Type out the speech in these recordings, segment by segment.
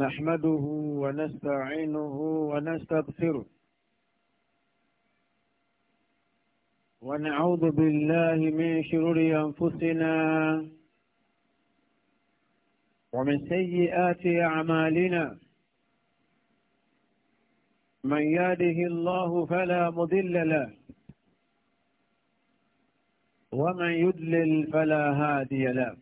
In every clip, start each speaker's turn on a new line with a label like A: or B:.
A: نحمده ونستعينه ونستغفره ونعوذ بالله من شرور أنفسنا ومن سيئات أعمالنا من يهده الله فلا مضل له ومن يدلل فلا هادي له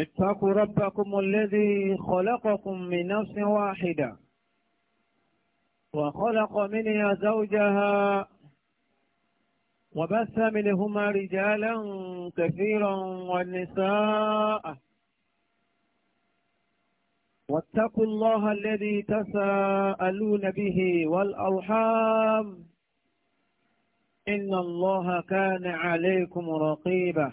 A: اتقوا ربكم الذي خلقكم من نفس واحدة وخلق منها زوجها وبث منهما رجالا كثيرا والنساء واتقوا الله الذي تساءلون به والأرحام إن الله كان عليكم رقيباً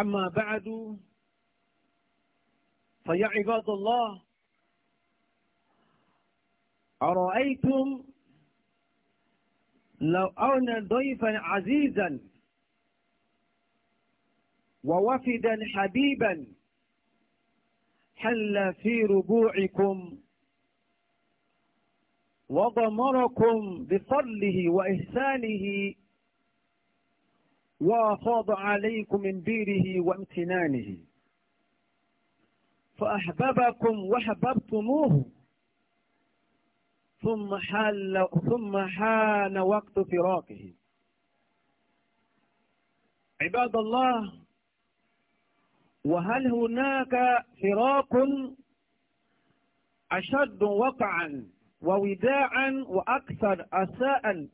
A: أما بعد فيا عباد الله أرأيتم لو أرنا ضيفا عزيزا ووفدا حبيبا حل في ربوعكم وضمركم بفضله وإحسانه وأفاض عليكم من بيره وامتنانه فأحببكم وحببتموه ثم حال ثم حان وقت فراقه عباد الله وهل هناك فراق أشد وقعا ووداعا وأكثر أساء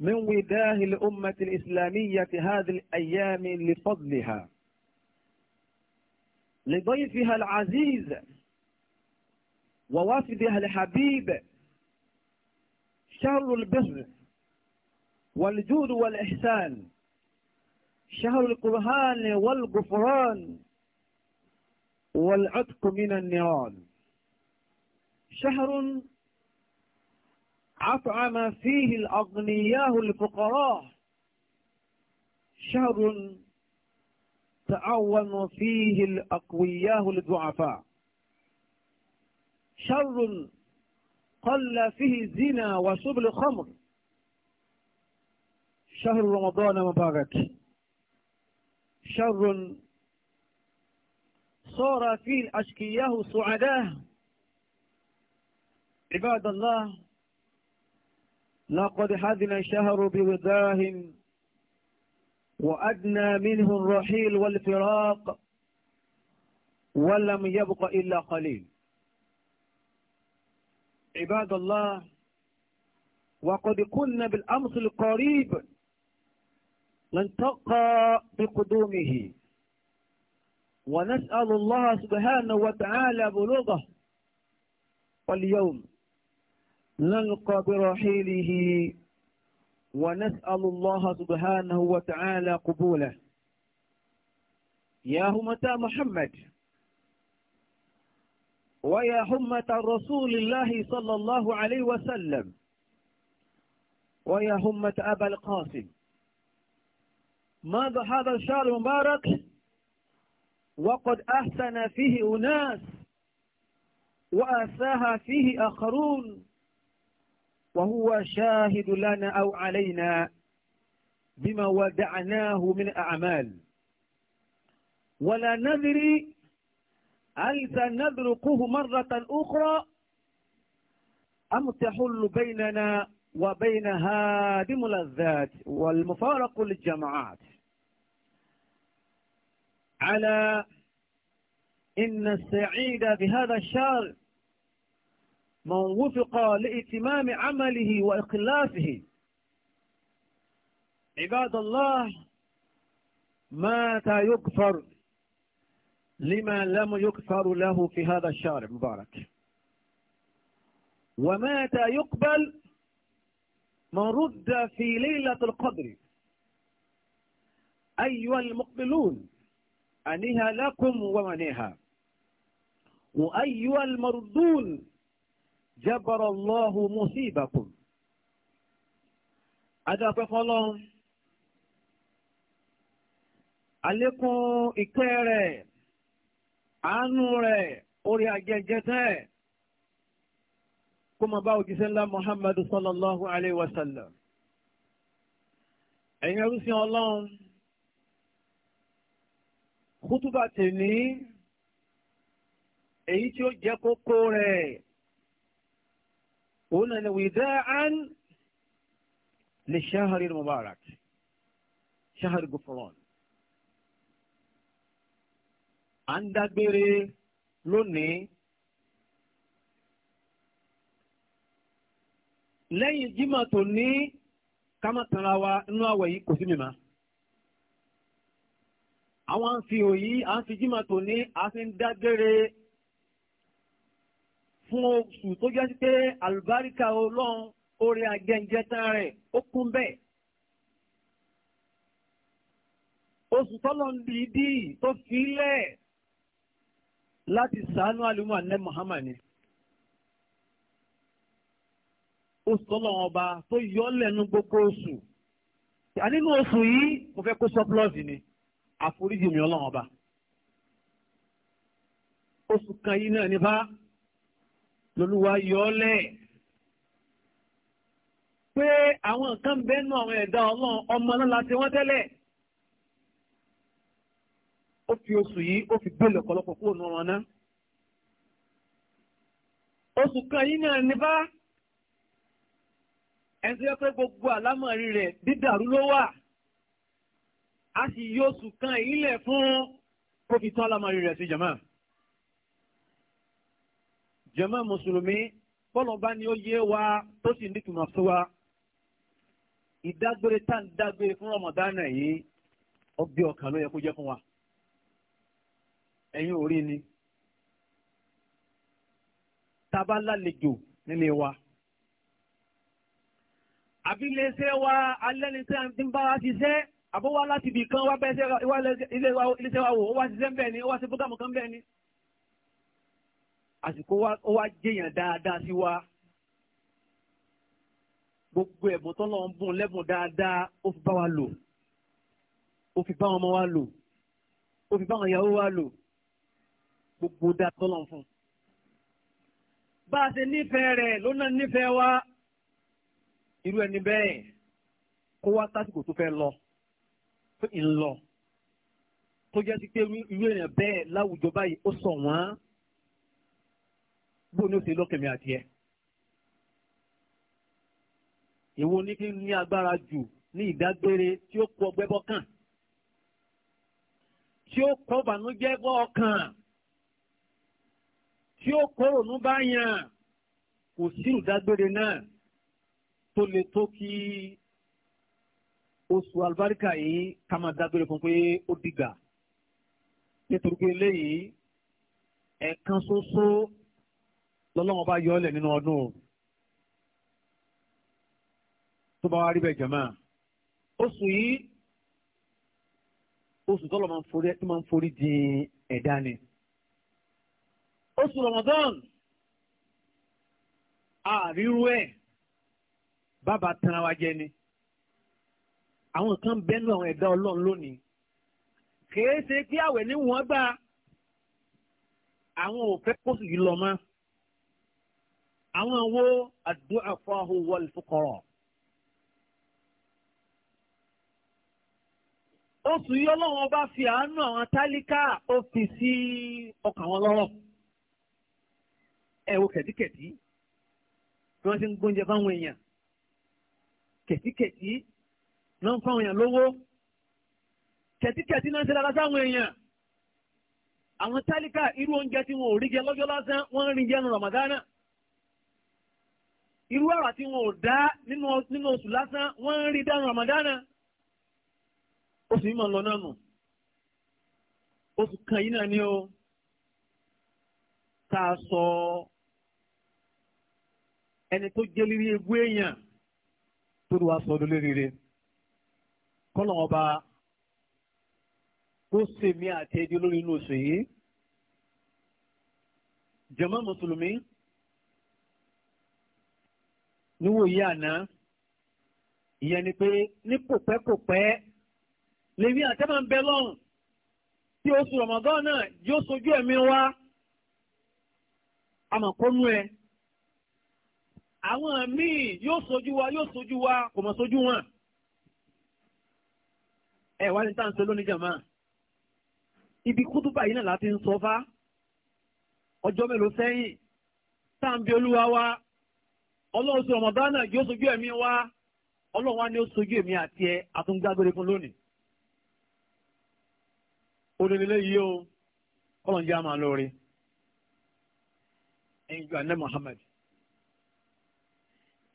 A: من وداه الأمة الإسلامية هذه الأيام لفضلها لضيفها العزيز ووافدها الحبيب شهر البر والجود والإحسان شهر القرآن والغفران والعتق من النيران شهر أطعم فيه الأغنياء الفقراء شهر تعاون فيه الأقوياء الضعفاء شر قل فيه الزنا وشرب الخمر شهر رمضان مبارك شر صار فيه الأشقياء سعداء عباد الله لقد حذن الشهر بوداه وأدنى منه الرحيل والفراق ولم يبق إلا قليل عباد الله وقد كنا بالأمس القريب نلتقى بقدومه ونسأل الله سبحانه وتعالى بلوغه واليوم نلقى برحيله ونسأل الله سبحانه وتعالى قبوله يا همة محمد ويا همة رسول الله صلى الله عليه وسلم ويا همة أبا القاسم ماذا هذا الشهر المبارك وقد أحسن فيه أناس وأساها فيه آخرون وهو شاهد لنا أو علينا بما ودعناه من أعمال ولا ندري هل سنذرقه مرة أخرى أم تحل بيننا وبين هادم الذات والمفارق للجماعات على إن السعيد بهذا الشهر من وفق لإتمام عمله وإخلافه عباد الله مات يكفر لما لم يكفر له في هذا الشارع المبارك ومات يقبل من رد في ليلة القدر أيها المقبلون أنها لكم ومنها وأيها المردون jabara Allahu musibakum adápẹ́ fọlọ́run àlékún ìkẹ́ rẹ̀ àánú rẹ̀ orí ajẹjẹ tẹ́ kó máa bá òjíṣẹ́ ńlá muhammadu sallallahu alayhi wa sallam ẹ̀yin ẹrúsìn ọlọ́run kútúbà tèmi èyí tí ó jẹ́ kókó rẹ̀ òun náà ni wìdáàn lè ṣáhàrí mubarak ṣáhàrí gufron à ń dágbére lónìí lẹ́yìn jimá tó ní kámá tanra wa inú àwẹ̀ yìí kò sí mi àwọn àǹfihàn yìí àǹfijimá tó ní àfi ń dágbére fún oṣù tó jẹ́ pé àlùbáríkà ọlọ́run orí agẹ́njẹ́tán rẹ̀ ó kún bẹ́ẹ̀. oṣù tọ́lọ̀ ń di dí tó fi lẹ̀ láti sàánú àlùmọ́ àlẹ́ Muhammad ni. oṣù tọ́lọ̀ ọba tó yọ lẹ́nu gbogbo oṣù. ànínú oṣù yìí mo fẹ́ kó sọ́pọ́lọ́sì ni àforíjì mi ọlọ́run ọba. oṣù kan yìí náà ní bá lolúwa yọ ọ́ lẹ̀ pé àwọn nǹkan bẹ́ẹ̀ nù àwọn ẹ̀dá ọlọ́run ọmọ náà la ti wọ́n tẹ́lẹ̀ ó fi oṣù yìí ó fi gbé lọ́pọ̀lọpọ̀ kúrò nù wọn náà oṣù kan yìí náà ní bá ẹni tó yẹ pé gbogbo àlámọ̀rí rẹ̀ dídàrú ló wà a sì yí oṣù kan yìí fún kó àlámọ̀rí rẹ̀ sí jàmáà jàmá mùsùlùmí bọ́lọ̀ba ni ó yé wa tó sì ní ìtumọ̀ fún wa ìdágbére tá à ń dágbére fún rọmọdánà yìí ọgbẹ́ ọkàn ló yẹ kó jẹ́ fún wa ẹ̀yin orí ni taba lálejò nílé wa àbí iléeṣẹ́ wa alẹ́nisẹ́ àti ń bá wa ṣiṣẹ́ àbó wa láti ibì kan wá bẹ́ẹ̀ ilé iṣẹ́ wa wò ó wá ṣiṣẹ́ ń bẹ́ẹ̀ ni ó wá ṣe fúgàmù kan bẹ́ẹ̀ ni àsìkò ó wá jẹyàn dáadáa sí wa gbogbo ẹ̀bùn tó lọ́n bùn lẹ́bùn dáadáa ó fi bá wa lò ó fi bá wọn ọmọ wa lò ó fi bá wọn ìyàwó wa lò gbogbo dáa tó lọ́n fún. bá a ṣe nífẹ̀ẹ́ rẹ̀ ló náà nífẹ̀ẹ́ wa irú ẹni bẹ́ẹ̀ kó wá tásìkò tó fẹ́ lọ tó ń lọ tó jẹ́ sí pé irú èèyàn bẹ́ẹ̀ láwùjọ báyìí ó sọ wọ́n bó ní ó ṣe lọ́kẹ̀ mi àti ẹ. ìwo ní kí ní agbára jù ní ìdágbére tí ó kó ọgbẹ́ bọ́ kàn tí ó kó bànújẹ́ bọ́ ọkàn tí ó kó rònú bá yàn kò sí ìdágbére náà tó le tó kí oṣù àlùbáríkà yìí ká máa dágbére fún pé ó dìgbà nítorí pé eléyìí ẹ̀ẹ̀kan ṣoṣo lọ́lọ́wọ́n bá yọ ọ́lẹ̀ nínú ọdún o tó bá wá rí bẹ́ẹ̀ jẹ̀mọ́ oṣù yìí oṣù tọ́lọ̀ máa ń forí tó máa ń forí di ẹ̀dá ni oṣù Ramadan àríwú ẹ̀ bàbá tanra wa jẹ ni àwọn kan bẹ́nu àwọn ẹ̀dá ọlọ́run lónìí kèé ṣe kí àwẹ̀ ní wọ́n gbà àwọn ò fẹ́ kóṣù yìí lọ mọ́ àwọn wo ad-du'afa'u wal-fuqara. oṣù yìí ọlọ́run ọba fi àánú àwọn tálíkà ó fi sí ọkàn wọn lọ́rọ̀ ẹ wo kẹ̀tíkẹ̀tí tí wọ́n ti ń gbóúnjẹ fáwọn èèyàn kẹ̀tíkẹ̀tí náà ń fáwọn èèyàn lówó kẹ̀tíkẹ̀tí náà ń ṣe lára sáwọn èèyàn àwọn tálíkà irú oúnjẹ tí wọn ò rí jẹ lọ́jọ́ lásán wọ́n ń rí jẹ ní Ramadana irú àwà tí wọn ò dá nínú oṣù lásán wọ́n ń rí dáhùn ramadana oṣù yìí máa ń lọ náà nù oṣù kan yìí náà ni ó tá a sọ ẹni tó jẹ́ lérí egbú èèyàn tó lù wá sọ ọdún lérí rẹ kọ́lọ̀ ọba ó ṣèmí àti ẹjọ́ lórí inú oṣù yìí jàmá mùsùlùmí níwòye àná ìyẹn ni pé ní kòpẹ́kòpẹ́ lèmi àtẹ́mọ̀ ń bẹ lọ́rùn tí oṣù Ramadan náà yóò sojú ẹ̀mí wa àmọ̀kọ́nú ẹ àwọn míì yóò sojú wa yóò sojú wa kò mọ̀ sojú wọn ẹ wá ní tá à ń sọ lónìí jàmá ibi kútúbà yìí náà láti ń sọ fá ọjọ́ mélòó sẹ́yìn tá olúwa wa ọlọ́run sí ọmọ ghana yóò sojú ẹ̀mí wa ọlọ́run wa ni ó sojú ẹ̀mí àti ẹ àtúndágbére fún lónìí. olùdílé yìí o ọlọ́run jẹ́ àmà lórí ẹ̀yin ju anẹ́ Muhammad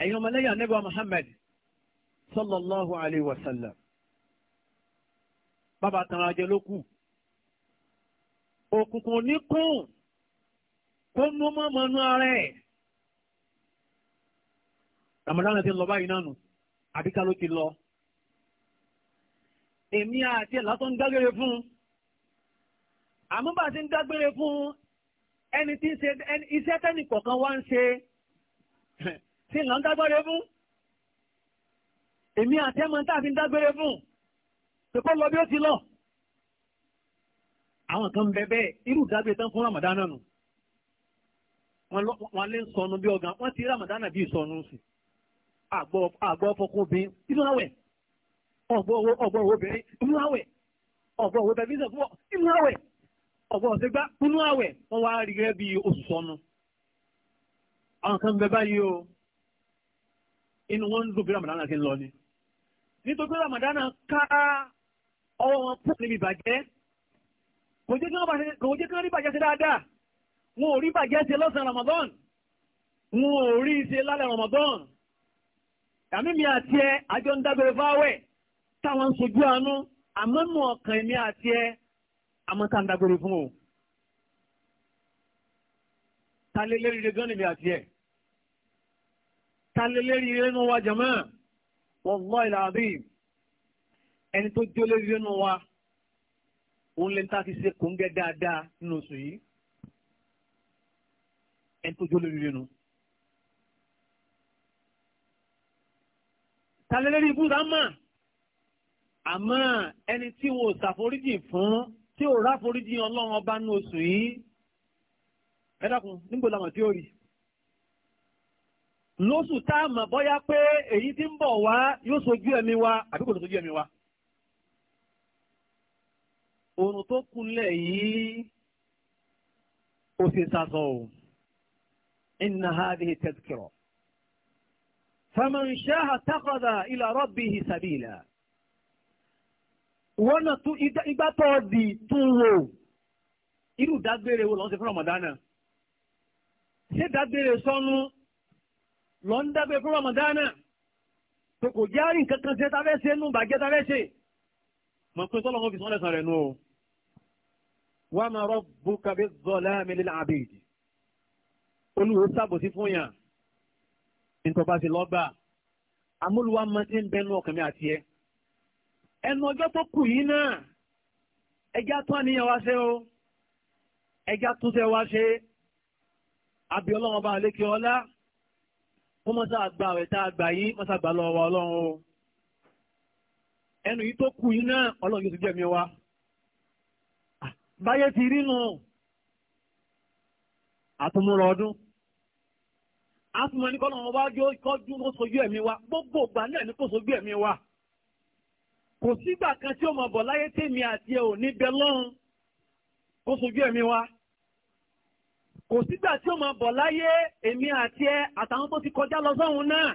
A: ẹ̀yin ọmọlẹ́yìn anẹ́bà Muhammad sallallahu alayhi wa sallam bàbá tàn ajẹ́ ló kù òkùnkùn ní kún kó mú mọ́ ara ẹ̀. Ramadan ti lọ báyìí náà nù àbíká ló ti lọ. èmi àti ẹ̀ lásán ń dágbére fún un àmọ́ bá a ti ń dágbére fún ẹni tí ń ṣe iṣẹ́ tẹ́nì kọ̀ọ̀kan wá ń ṣe tí ń lọ ń dágbére fún. èmi àti ẹ̀mọ́ tá a ti ń dágbére fún pípọ́ lọ bí ó ti lọ. àwọn kan bẹ bẹ́ẹ̀ irú dágbére tán fún Ramadan náà nù. wọ́n lé sọnù bí ọ̀gá wọ́n ti Ramadan náà bí sí i àgbọ̀ ọkọ̀kùnrin inú àwẹ̀ ọ̀gbọ̀ owó obìnrin inú àwẹ̀ ọ̀gbọ̀ owó tẹ̀lifíṣàn fún ọ inú àwẹ̀ ọ̀gbọ̀ ọ̀sẹ̀gbá inú àwẹ̀ wọ́n wá rí gẹ́gẹ́ bí oṣù sọnù àwọn kan bẹ báyìí o inú wọn ń dùn bí ramadana ti ń lọ ni nítorí pé ramadana ká ọwọ́ wọn pọ̀ níbi ìbàjẹ́ kò jẹ́ kí wọ́n rí bàjẹ́ sí dáadáa wọn ò rí bàjẹ́ sí lọ́sàn-án ramadan wọn ò rí ṣe lálẹ́ ramadan àmì mi àti ẹ àjọ ń dágbére fáwẹ̀ táwọn ń sojú àánú àmọ́ nù ọkàn mi àti ẹ àmọ́ tá ń dágbére fún o. ta lé lérí ire gan ni mi àti ẹ ta lé lérí ire nù wa jàmáà wallahi alazim ẹni tó jó lérí ire nù wa òun lè ta fi ṣe kóńgẹ́ dáadáa nínú oṣù yìí ẹni tó jó lérí ire nù. No tàlẹ́lẹ́rí ibùdó àmọ́ àmọ́ ẹni tí wọn ò ṣàforíjì fún tí ò ráforíjì ọlọ́run ọba nínú oṣù yìí ẹ dákun níbo làwọn tí ó rí lóṣù tá a mọ̀ bọ́yá pé èyí tí ń bọ̀ wá yóò sojú ẹ̀mí wa àbí kò sojú ẹ̀mí wa oòrùn tó kunlẹ̀ yìí ó sì sàtọ̀ ò inna hadhihi tadhkira. فمن shaha taqada إلى ربه sabila wọ́n náà tún igbá tó di tún wò irú dágbére wo lọ́n ṣe fún ramadana ṣé dágbére sọnù lọ́n dágbére fún ramadana tó kò jẹ́ àárín kankan ṣe tábẹ́ ṣe nù bàjẹ́ tábẹ́ ṣe mọ̀ pé sọ́lọ́ wọn fi sọ́lẹ̀ sàn rẹ̀ nù o wa ma rabbuka bizzalami lil abid olùwò sábòsí fún yàn nítorí bá ti lọ́gbà amúlùwà máa ti ń bẹnu ọkàn mi àti ẹ ẹnu ọjọ́ tó kù yìí náà ẹjá tún àníyàn wá ṣe o ẹjá tún ṣe wá ṣe àbí ọlọ́run ọba àlékè ọlá kó mọ́sá àgbà rẹ̀ tá a gbà yín mọ́sá àgbà lọ́wọ́ wa ọlọ́run o ẹnu yìí tó kù yìí náà ọlọ́run yóò ti jẹ́ mi wá ah, báyé ti rí nù àtúmúrọ̀ ọdún a tún mọ ní kọ́nà wọn bá yóò kọ́jú kó sojú ẹ̀mí wa gbogbo ìgbà náà ní kó sojú ẹ̀mí wa kò sígbà kan tí ó mọ̀ bọ̀ láyé tèmi àti ẹ̀ ò ní bẹ lọ́run kó sojú ẹ̀mí wa kò sígbà tí ó mọ̀ bọ̀ láyé èmi àti ẹ̀ àtàwọn tó ti kọjá lọ sọ́hun náà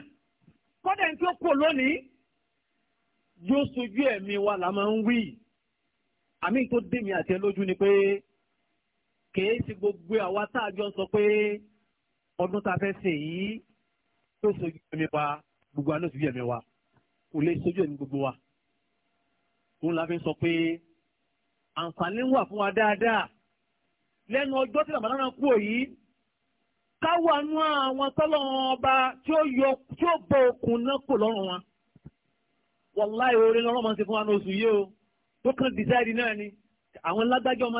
A: kọ́dẹ̀ tí ó kù lónìí yóò sojú ẹ̀mí wa là máa ń wí àmì tó dèmi àti ẹ̀ lójú ni pé kèé ti gbogbo àwa tá a jọ sọ pé. ọdún tá a fẹ́ o yìí tó sojú ẹ̀mí wa gbogbo àná sojú ẹ̀mí wa kò lè sojú ẹ̀mí gbogbo wa. òun la sọ pé àǹfààní wà fún wa dáadáa lẹ́nu ọjọ́ tí làmàlà náà kú òyìí káwọ àánú àwọn tọ́lọ́wọ́n ọba tí ó yọ tí ó bọ okùn náà kò lọ́rùn orin máa ń fún wa ní oṣù yìí o tó kàn dìsáìdì náà ni ọmọ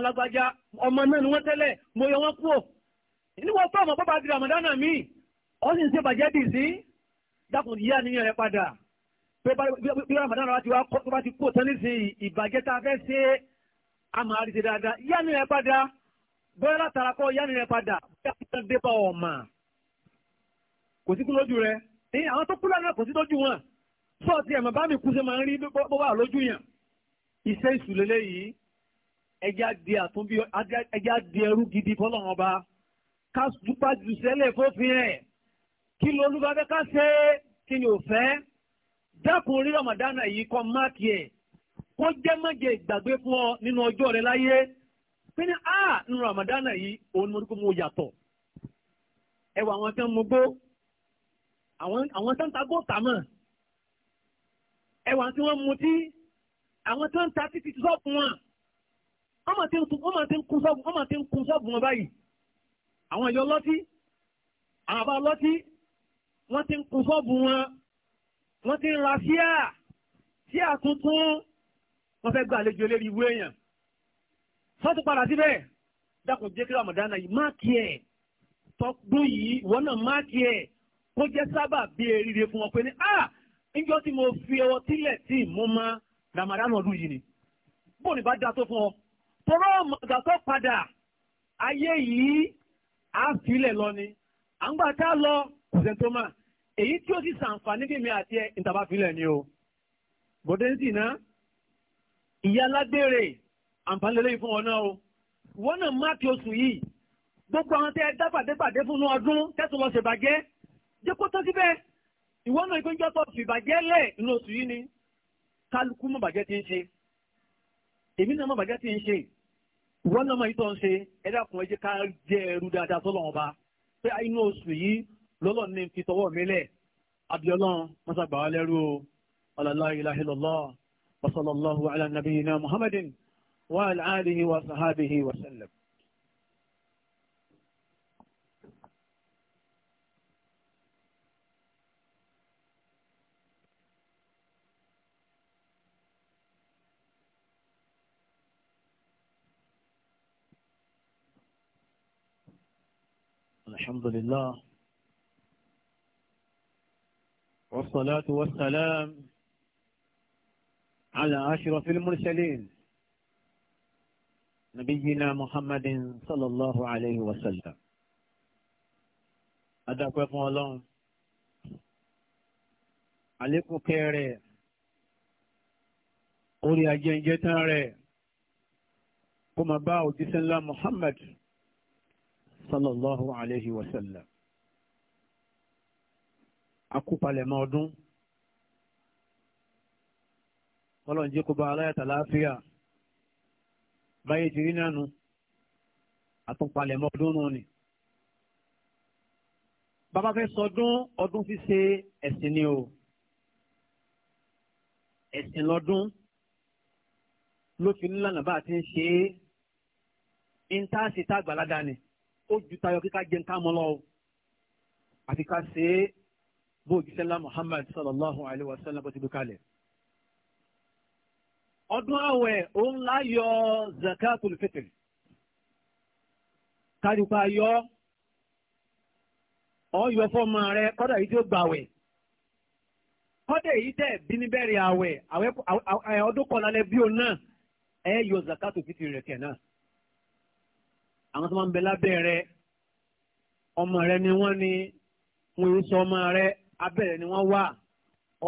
A: lágbájá ọmọ náà ni wọ́n tẹ́lẹ̀ níwọ̀n tó ọmọ bọ́bá di ramadana mi ó sì ń ṣe sí dákùn yíyá ni yẹn padà pé bí ramadana wa ti wá kó tó bá ti kó tán nísìnyí ìbàjẹ́ tá a fẹ́ ṣe àmà àríṣe dáadáa yíyá ni yẹn padà bóyá látara kọ́ yíyá ni yẹn padà bóyá kí wọ́n dé bá ọ̀ mà kò sí kú lójú rẹ ní àwọn tó kú lánàá kò sí lójú wọn sọ́ọ̀tì ẹ̀mọ̀ bá mi kú ṣe máa ń rí bó wà lójú yàn iṣẹ́ ìsúlélẹ́yìí ẹjẹ́ á di ẹrú gidi fọlọ́run ọba ká dúpá jù sẹ́lẹ̀ fófin ẹ̀ kí ló ló bá fẹ́ ká ṣe kí ni ò fẹ́ dákun rí ramadana yìí kọ́ máàkì ẹ̀ kó jẹ́ mọ́jẹ ìgbàgbé fún ọ nínú ọjọ́ rẹ láyé pé ní a nínú ramadana yìí òun mo ní kó mo yàtọ̀ ẹ wọ àwọn tí wọn mú gbó àwọn tí wọn ta gbó tà mọ́ ẹ wọ àwọn wọn mutí àwọn tí wọn ta títí sọ́ọ̀bù wọn wọ́n máa ti ń kún sọ́ọ̀bù wọn báyìí àwọn ìjọ lọ́tí àwọn àbá lọ́tí wọ́n ti ń kun sọ́ọ̀bù wọn wọ́n ti ń ra síà síà tuntun wọ́n fẹ́ gba àlejò lérí ìwé èèyàn sọ́ọ̀tù padà síbẹ̀ dákun jẹ́ kí ramadana yìí máàkì ẹ̀ tọ́gbọ́n yìí ìwọ náà máàkì ẹ̀ kó jẹ́ sábà bí eríire fún wọn pé ní ah níjọ́ tí mo fi ọwọ́ sílẹ̀ tí mo ma ramadana ọdún yìí ni bóun ní bá da tó fún ọ tọ́rọ ọmọ tó padà ayé yìí à ń lọ ni à ń gbà tá a lọ kò sẹ́ tó máa èyí tí ó sì sàǹfààní bí mi àti ẹ̀ ìtàbá filẹ̀ ni o bọ́dé sì ná ìyá alágbèrè àǹfààní lélẹ́yìn fún wọn náà o wọn náà máàkì oṣù yìí gbogbo àwọn tẹ́ ẹ dábàdé pàdé fún un ọdún tẹ́sán lọ ṣèbàjẹ́ jẹ́ kó tán síbẹ̀ ìwọ náà ìgbẹ́jọ́ tó fìbàjẹ́ lẹ̀ nínú oṣù yìí ni kálukú mọ̀bàjẹ́ ti ń ṣe èmi náà mọ̀bàjẹ́ ti ń ṣe ìwọ náà máa yí tó ń ṣe ẹ dákun ẹ jẹ́ ká jẹ́ ẹrú dáadáa sọ́lọ́run ọba pé inú oṣù yìí lọ́lọ́run ní fi tọwọ́ mi lẹ̀ abiyọlọ́run mọ́sàgbà wa lẹ́rú o la ilaha illallah ala nabiyyina muhammadin wa alihi wa sahabihi wa sallam. الحمد لله والصلاة والسلام على أشرف المرسلين نبينا محمد صلى الله عليه وسلم أدعوكم الله عليكم كيري قولي أجين جتاري كما باو جسن الله محمد sallallahu alayhi wa sallam akúpalẹ̀mọ́ ọdún ọlọ́run jẹ́ kó bá aláyàtà láàfíà báyé ti rí nánu àtúnpalẹ̀mọ́ ọdún náà ni bàbá fẹ́ sọdún ọdún ṣíṣe ẹ̀sìn ni o ẹ̀sìn lọ́dún ló fi nílànà bá a ti ń ṣe é ń tá a sì tá àgbàlá dání ó ju tayọ kíká jẹun ká mọ́ lọ́wọ́ àti ká ṣe é bó òjíṣẹ́ ńlá Muhammad sallallahu alayhi wa sallam bó ti gbé kalẹ̀. ọdún àwẹ̀ òun láyọ̀ zakatul fitr kájúpa yọ ọyọ fọmọ rẹ kọ́dà yìí tí ó gbàwẹ̀ kọ́dà yìí tẹ̀ bí níbẹ̀rẹ̀ àwẹ̀ ọdún kọ̀ọ̀lá lẹ bí òun náà ẹ yọ zakatul fitr rẹ̀ kẹ̀ náà àwọn tó máa ń bẹ lábẹ́ rẹ ọmọ rẹ ni wọ́n ní wọn ń sọ ọmọ rẹ abẹ́ rẹ ni wọ́n wà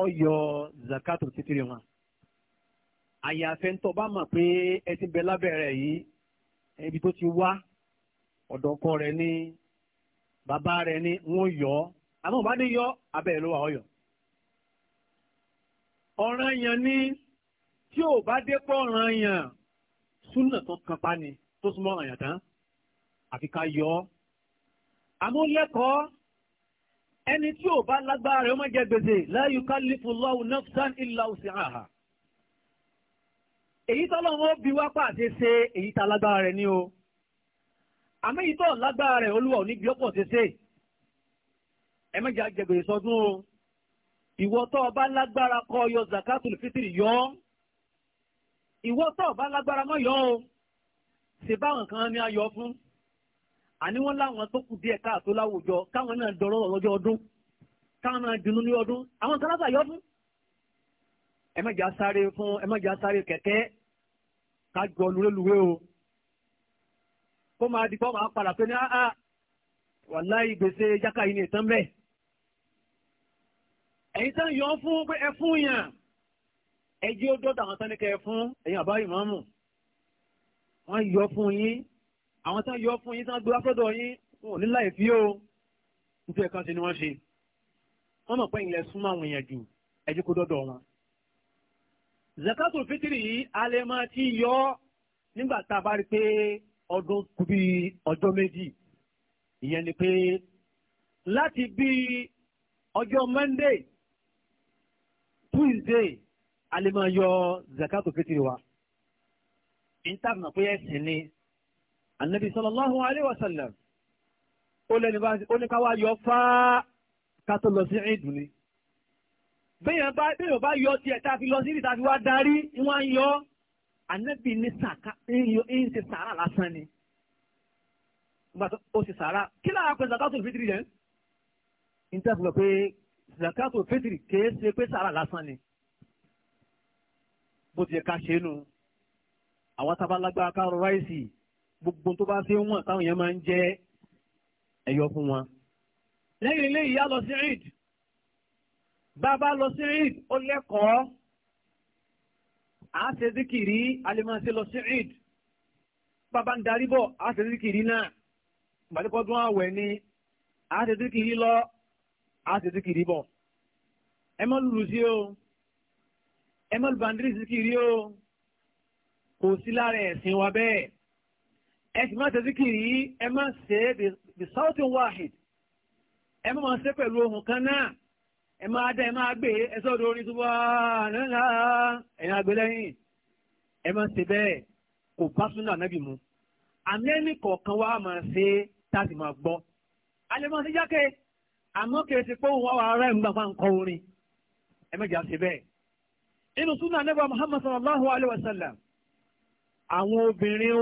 A: ọyọ zakato títírì wọn. àyàfẹ́ ńtọ́ bá mọ̀ pé ẹ ti bẹ lábẹ́ rẹ yìí ibi tó ti wá ọ̀dọ̀ ọkọ rẹ ní bàbá rẹ ní wọ́n yọ ọ́ àmọ́ bá ní yọ abẹ́ rẹ ló wà ọyọ. ọ̀ràn yẹn ní tí ò bá dé pọ̀ ọ̀ràn yẹn súnà tó kan pa ni tó súnmọ́ ọ̀ràn yẹn tán àfi ká yọ ọ́. àmọ́ lẹ́kọ̀ọ́ ẹni tí ò bá lágbára rẹ̀ ó má jẹ gbèsè la yukallifu Allahu nafsan illa wus'aha. èyí tọ́lọ́run ó bi wá pàṣẹ ṣe èyí tá lágbára rẹ̀ ní o. àmọ́ èyí tọ́ lágbára rẹ̀ olúwa ò ní bí ọ̀pọ̀ ṣe ṣe. ẹ má jẹ àjẹgbèsè sọdún o ìwọ tó o bá lágbára kọ yọ zakatul fitiri yọ ìwọ tó o bá lágbára mọ yọ o ṣe kan ni a yọ fún àní wọ́n láwọn tó kù díẹ̀ káàtó láwùjọ káwọn náà dọ̀rọ̀ lọ́jọ́ ọdún káwọn náà dùnnú ní ọdún àwọn kan lábàáyọ ọdún. ẹ má jà sáré fún ẹ má jà sáré kẹ̀kẹ́ ká jọ lúwélúwé o kó máa di pọ́ máa padà pé ní áá ah, ah, wàláì gbèsè jákà yìí ní ìtàn bẹ́ẹ̀. ẹ̀yin tán yọ fún pé ẹ fún yàn ẹ jí ó dọ́ta àwọn tán ní fún ẹ̀yin àbá ìmáàmù wọ́n yọ fún yín àwọn tán yọ fún yín tán gbé wákọ́dọ̀ yín wọn ò ní láì fi ó nítorí ẹ̀kan ṣe ni wọ́n ṣe wọ́n mọ̀ pé ilẹ̀ súnmọ́ àwọn èèyàn jù ẹ̀jẹ̀ kó dọ́dọ̀ wọn. zakatul fitiri yìí alẹ́ máa ti yọ nígbà tá a bá rí pé ọdún kù bí ọjọ́ méjì ìyẹn ni pé láti bí ọjọ́ monday tuesday alẹ́ máa yọ zakatul fitiri wa. ìtàn náà pé ẹ̀sìn ni anabi sallallahu alayhi wa sallam ó lẹ́ni bá ó ní ká wá yọ fáá ká tó lọ sí ìdùn ni. béèyàn bá béèyàn bá yọ tiẹ̀ tá a fi lọ sí ibi tá a fi wá darí wọ́n á yọ anabi ní sàká ń ṣe sàrà lásán ni. ó ṣe sàrà kí lára pé zakatul fitiri yẹn. n tẹ́ fún mi pé zakatul fitiri kìí ṣe pé sàrà lásán ni. bó ti yẹ ká ṣe é nu àwọn tábà lágbára ká rọ ráìsì gbogbo tó bá fi ń wọ̀n táwọn yẹn máa ń jẹ́ ẹ̀yọ fún wọn. lẹ́yìn eléyìí yá lọ sí eid bàbá lọ sí eid ó lẹ́kọ̀ọ́ à á ṣe díkìrí alimọ̀ọ́sẹ̀ lọ sí eid bàbá ń darí bọ̀ à ṣe díkìrí náà gbàdúgbọ́dún àwẹ̀ ni à ṣe díkìrí lọ à ṣe díkìrí bọ̀ ẹ má lùlù sí o ẹ má lùbàndírì sí kiri o kò sí lára ẹ̀sìn wa bẹ́ẹ̀. E si máa tẹ̀sí kiri yìí ẹ máa ṣe é bí sáwọ́tì ẹ máa ṣe pẹ̀lú ohun kan náà ẹ máa dá ẹ máa gbé ẹ sọ́dọ̀ orin tó wá nílá ẹ̀yìn àgbélẹ́yìn ẹ máa ṣe bẹ́ẹ̀ kò bá súnà nábì mu àmì ẹni kọ̀ọ̀kan wá máa ṣe tá a sì máa gbọ́ alẹ́ máa ṣe jákè àmọ́ kìí ṣe pé òun wá wàá ń gbà máa Muhammad sallallahu alayhi wa sallam àwọn obìnrin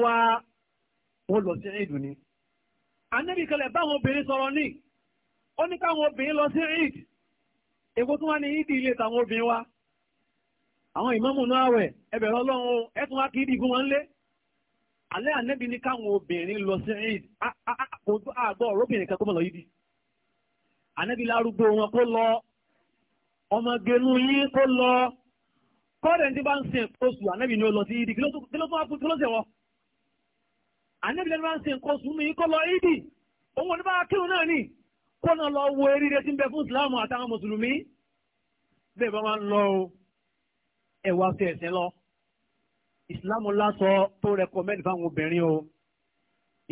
A: wọ́n lọ sí ìdù ni. ànẹ́bì kẹlẹ̀ báwọn obìnrin sọ̀rọ̀ ní ó ní káwọn obìnrin lọ sí ìd èkó tún wá ní ìdí ilé tàwọn obìnrin wa àwọn ìmáàmù náà wẹ̀ ẹbẹ̀rẹ̀ ọlọ́run wá kí ìdí wọn lé alẹ́ ní káwọn obìnrin lọ sí ìd àgbọ̀ ọ̀rọ̀bìnrin kan kó ànábìlẹ̀ máa ń ṣe nǹkan sùn mí kọ́ lọ ìdì òun ò ní bá kírun náà nì kó náà lọ wo eríire tí ń bẹ fún ìsìláàmù àtàwọn mùsùlùmí bẹ́ẹ̀ bá máa ń lọ o ẹ wá sí lọ ìsìláàmù o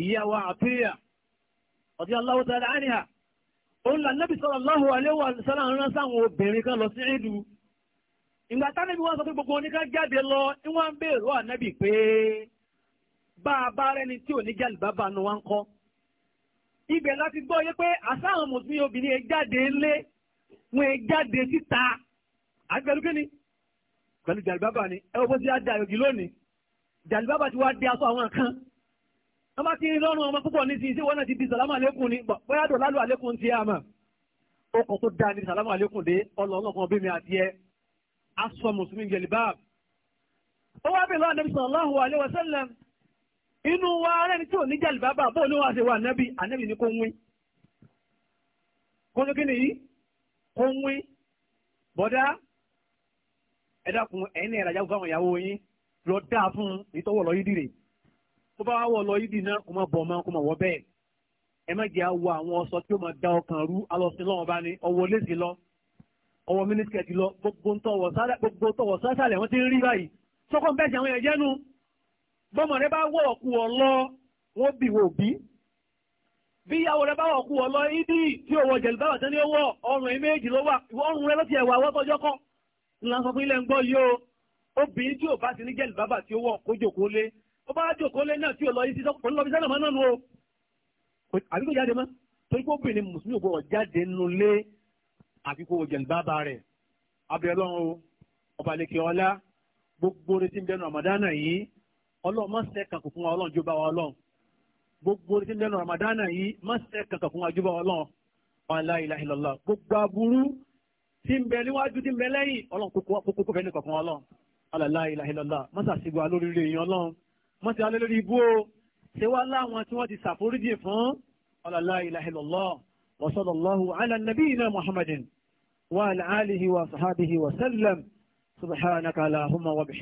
A: ìyá ọ̀dí òun là nábì rán sáwọn obìnrin kan lọ sí ìdù ìgbà wọn sọ lọ ànábì bá a bá rẹ́ni tí ò ní jẹ́ nu wa ń kọ́. ibẹ̀ láti gbọ́ yé pé àsáhàn mùsùlùmí obìnrin ẹ jáde ńlé wọn ẹ jáde síta àgbẹ̀rù ni pẹ̀lú jàlùbábà ni ẹ wọ́n ti dá àyòjì lónìí jàlùbábà ti wá dé aṣọ àwọn kan wọ́n bá ti rí lọ́rùn ọmọ púpọ̀ ní ti ṣé wọ́n náà ti di sàlámù àlékún ni bóyá dò lálù àlékún ti àmà ọkọ̀ tó dáa ní sàlámù àlékún dé ọlọ́ọ̀lọ́kan bí mi àti ẹ aṣọ mùsùlùmí jẹ̀lìbáàbù ó wá bèèrè lọ́wọ́ àdébísọ̀ aláhùn àlẹ́ wàsálàm inú wa rẹ́ni tí ò ní jàlì bàbá bóò ní wá ṣe wà ànábì ànábì ní kó ń wí kó ní kí nìyí kó ń wí bọ́dá ẹ dákun ẹ̀yin náà ìrajà fún àwọn ìyàwó yín lọ dá fún ìtọ́wọ̀ lọ yídì rè tó bá wà wọ̀ lọ yídì náà kó má bọ̀ ọmọ kó má wọ̀ bẹ́ẹ̀ ẹ má jẹ́ àwọ àwọn ọsọ tí ó máa da ọkàn rú alọ́sìn lọ́wọ́ bá ní ọwọ́ léṣe lọ ọwọ́ mínísítẹ̀tì lọ gbogbo tọwọ́ sálẹ̀ wọ́n ti ń rí báyìí sọ́kọ́ bẹ́ẹ̀ sí àwọn ẹ̀jẹ̀ bọ́mọ rẹ bá wọ̀ ọ̀kú ọlọ́ wọ́n bì wọ́n bí bí ìyàwó rẹ bá wọ̀ ọ̀kú ọlọ́ ibi tí ò wọ jẹ̀lú báwà tẹ́lẹ̀ wọ̀ ọrùn ẹ̀ méjì ló wà ọrùn rẹ ló ti ẹ̀wà wọ́tọ́jọ́ kọ́ ńlá sọ fún ilé ń gbọ́ yìí o obìnrin tí ò bá ti ní jẹ̀lú bábà tí ó wọ̀ kó jókòó lé ó bá jókòó lé náà tí ò lọ yìí sí sọ́kùnrin lọ gbogbo retí ń bẹnu àmàdánà yìí ọlọ́run má ṣe kankan fún wa ọlọ́run jó bá wa ọlọ́run gbogbo tí ń lẹ́nu ramadana yìí má ṣe kankan fún wa jó bá wa ọlọ́run wa la ilaha illallah gbogbo aburú tí ń bẹ níwájú tí ń bẹ lẹ́yìn ọlọ́run kókó kó fẹ́ ní kankan ọlọ́run wa la ilaha illallah má ṣàṣìgbọ́ alórí rẹ̀ yẹn ọlọ́run má ṣe alẹ́ lórí ibú o ṣé wá láwọn tí wọ́n ti ṣàforíjì fún wa la ilaha wa